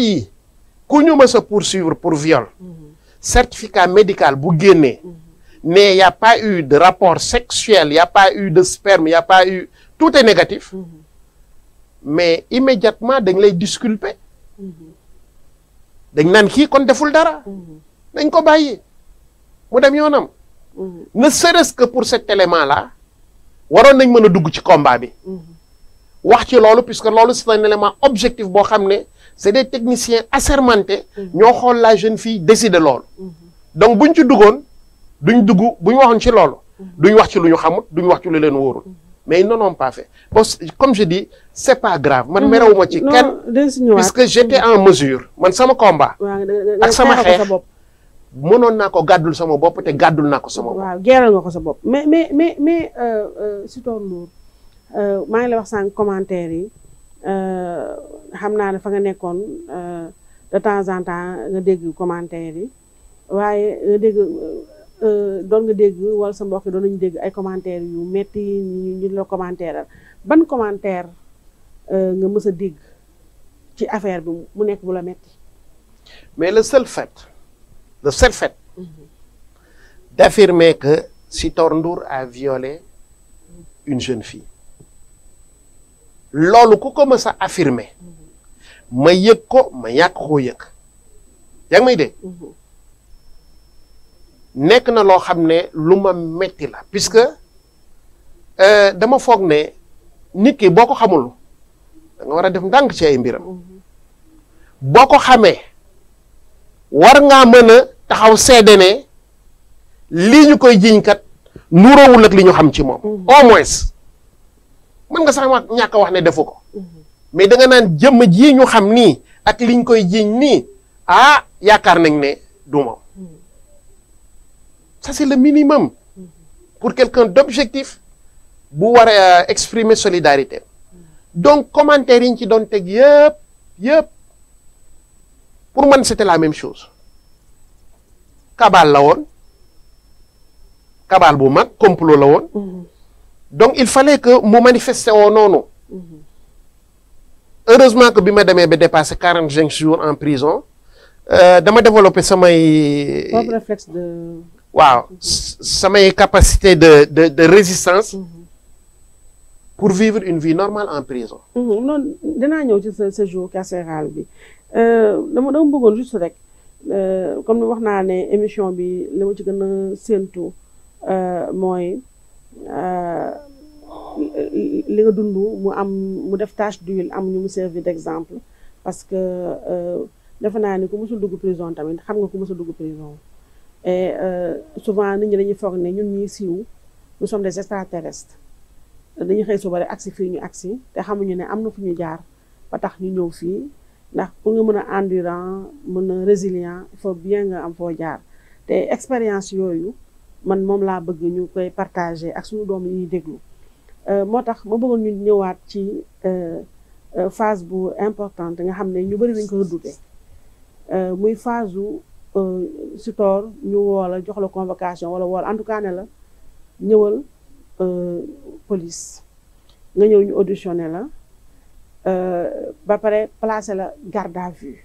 Si ku se mës pour viol certificat médical bu génnee mais y a pas eu de rapport sexuel il y a pas eu de sperme y a pas eu tout est négatif mais immédiatement dañ lay disculper dañ naan kii kon deful dara dañ ko bàyyi mu dem ne serait-ce que pour cet élément là waron nañ mën nous dugg ci combat bi wax ci loolu puisque c'est un élément objectif pour vous c'est des techniciens assermentés. Mhm. ñoo xool la jeune fille décider loolu. Mhm. donc buñ ci duggoon duñ dugg buñ waxoon ci loolu. Mhm. duñ wax ci lu ñu xamut duñ wax ci lu leen wóorul. mais ils n'ont pas fait parce comme je dis c'est pas grave man merewuma ci parce que j'étais en mesure man sama combat ak sama xeex mënoon naa ko gàddul sama bopp te gàddul naa ko sama bopp waaw geeral nga ko sa bopp mais mais mais mais euh, euh, Sitor Ndour euh, maa ngi lay wax sans commentaire yi Euh, xam naa ne fa nga nekkoon euh, de temps en temps nga dégg commentaire yi waaye nga dégg euh, doon nga dégg wala sa mbokk doon nañu dégg ay commentaire yu metti ñu ñu la commentaire ban commentaire nga mës a dégg ci affaire bi mu nekk bu la metti mais le seul fait le seul fait mm-hmm. d'affirmer que Sitor Ndour a violé une jeune fille Lalu ku ko mës affirmer ma yek ko ma yak ko yek yaa may de nek na lo xamne luma metti la puisque euh, dama foog ne nit ki boko xamul da nga wara def dank ci ay mbiram boko ko war nga meuna taxaw sédéné liñu koy jiñ kat wul ak liñu xam ci mom au moins man nga sax wax ñaka wax ne defuko mhm. mais da nga naan jëm ji ñu xam ni ak liñ koy jiiñ ni ah yaakar nañ ne du mhm. ça c'est le minimum mhm. pour quelqu'un d'objectif bu war exprimer solidarité donc commentaire yi ci don tek yépp yépp pour man c'était la même chose kabaal la woon kabaal bu mag complot la woon donc il fallait que mu manifesté woo noonu mhm. heureusement que je suis dépassé 45 jours en prison euh, dama développé samay réflexe de waaw samay capacité de de de résistance mhm. pour vivre une vie normale en prison Je mhm. dinaa ñëw ci ce séjour carcéral Je euh, dama suis juste rek euh, comme nous l'ai dit, émission bi li ma ci gën a euh, li nga dund mu am mu def tache d'huile am ñu mu servir d'exemple parce que euh, defe naa ni ku musul dugg prison tamit xam nga ku musul dugg prison et euh, souvent nit ñi dañuy foog ne ñun ñuy siiw nous sommes des extraterrestres dañuy xëy suba rek agsi fii ñu agsi te xamuñu ne am na fu ñu jaar ba tax ñu ñëw fii ndax pour nga mën a endurant mën a résilient il faut bien nga am foo jaar te expérience yooyu man moom laa bëgg ñu koy partagé ak suñu doom yi déglu euh, moo tax ma bëggoon ñu ñëwaat ci euh, euh, phase bu importante nga xam ne ñu bëri nañ ko redouté muy phase u support ñu woo jox la convocation wala woo en tout cas ne la ñëwal police nga ñëw ñu auditionné la ba pare placé la garde à vue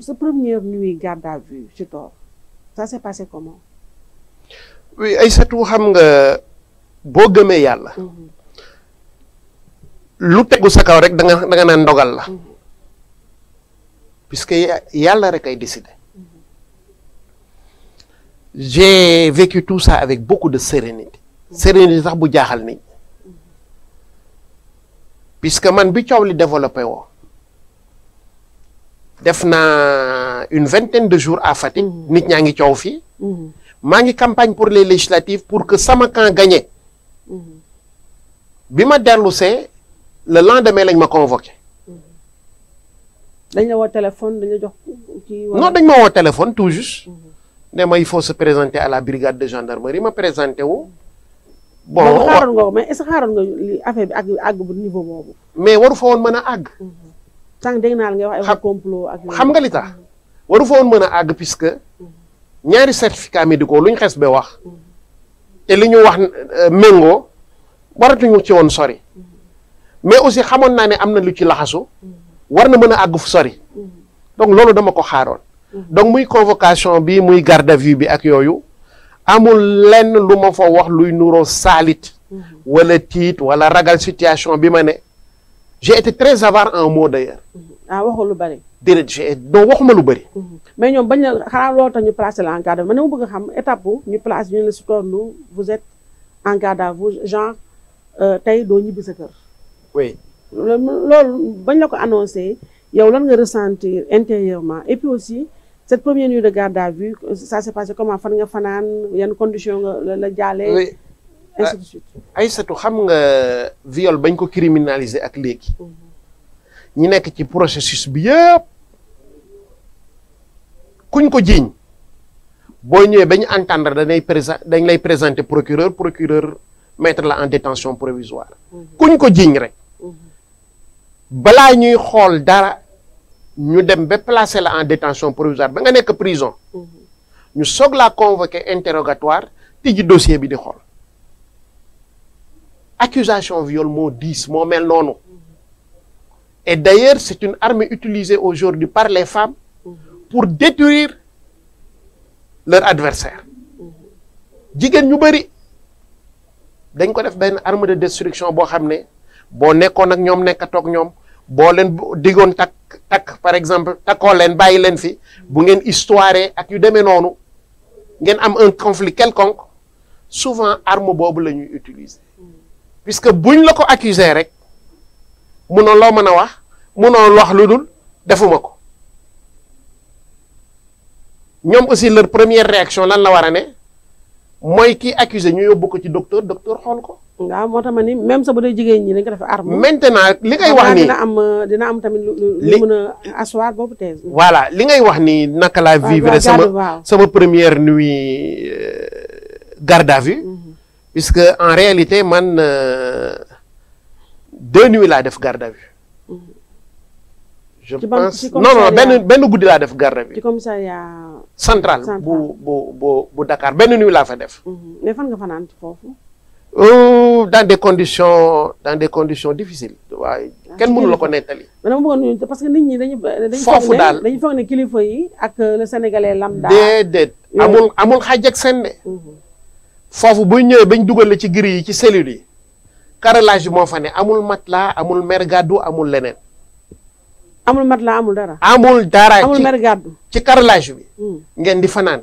sa première nuit garde à vue support ça s'est passé comment oui Aysatu xam nga bo gëmee yalla mhm. lu teggu sa kaw rek da nga da nga naan ndogal la. Mhm. puisque yalla rek ay décidé. Mhm. j'ai vécu tout ça avec beaucoup de sérénité. sérénité sax bu jaaxal ni puisque man bi coow li développé woo. def une vingtaine de jours à Fatick. nit ñangi ngi fi maa campagne pour les législatives pour que sama camp gagné mhm. bi ma le lendemain lañ ma convoqué. dañ la téléphone dañ la jox non téléphone tout juste. Mhm. il faut se présenter à la brigade de gendarmerie Je présenté wu. bon mais est ce nga li affaire bi niveau mais waru fa ag. Tang mhm. complot ak. xam nga li waru ag puisque. ñaari certificat médicaux lu ñu xes ba wax te li ñu wax euh, méngoo waratuñu ci woon sori mais aussi xamoon naa ne am na lu ci laxasu war na mën a àgg fu sori donc loolu dama ko xaaroon donc muy convocation bi muy garde à vue bi ak yooyu amul lenn lu ma fa wax luy nuroo saalit wala tiit wala ragal situation bi ma ne j'ai été très avare en mots d'ailleurs ah waxu lu bari déedéet doo waxuma lu bëri. Mhm. mais nous bañ na xanaa loolu tax ñu placé la en garde à vue man dama bëgg xam étape ñu placé ñu ne la vous êtes en garde à vous genre euh, tey doo ñibbi kër. oui. loolu bañ la ko annoncé yow lan nga ressentir intérieurement et puis aussi cette première nuit de garde à vue ça s'est passé comment fan nga a une condition nga la jàllee. oui ainsi de suite. Ah, Aïssatou xam nga viol bañ ko criminaliser ak léegi. Mhm. ñi nekk ci processus bi yëpp kuñ ko jiiñ boo ñëwee ba ñu entendre dañ présent dañ lay présenter procureur procureur mettre la en détention provisoire mhm. kuñ ko jiiñ rek mhm. balaa ñuy xool dara ñu dem placer la en détention provisoire ba nga nekk prison mhm. ñu soog la convoquer, interrogatoire tijji dossier bi di xool accusation viol moo diis moo mel noonu et d'ailleurs c'est une arme utilisée aujourd'hui par les femmes pour détruire leur adversaire jigéen ñu bari dañ ko def benn arme de destruction boo xam ne boo nekkoon ak ñoom nekkatoog ñoom boo leen diggoon takk takk par exemple takkoo leen bàyyi leen fi bu ngeen histoire ak yu demee noonu ngeen am un conflit quelconque souvent arme boobu la ñuy utiliser puisque buñ la ko accuser rek munoo loo mën a wax munoo wax lu dul defuma ko ñom aussi leur première réaction lan la wara accusé ñu ko ci docteur docteur même sa bu ñi arme. maintenant li ngay wax ni dina am dina am lu voilà li ngay wax vivre sama sama première nuit euh, garde à vue. Mm-hmm. puisque en réalité man euh, deux nuits de def garde à vue. Mm-hmm. je non non benn benn guddi laa def garde bi. ci commissariat central bu bu bu bu benn nuit laa fa def. Mhm. mais fan nga fanaan foofu. Euh, dans des conditions dans des conditions difficiles. waaye ah, la ko nettali. parce que nit ñi dañu. foofu daal dañu foog ne kilifa yi ak euh, le sénégalais lambda. déedéet amul amul xàjj seen de. Mhm. foofu bu ñëwee bañ dugal ci giri yi ci cellules yi. carrelage bi moo fa ne amul matelas amul mergadu amul leneen. amul mat la amul dara. amul dara ci amul mer gàddu ci hmm. ngeen di fanaan.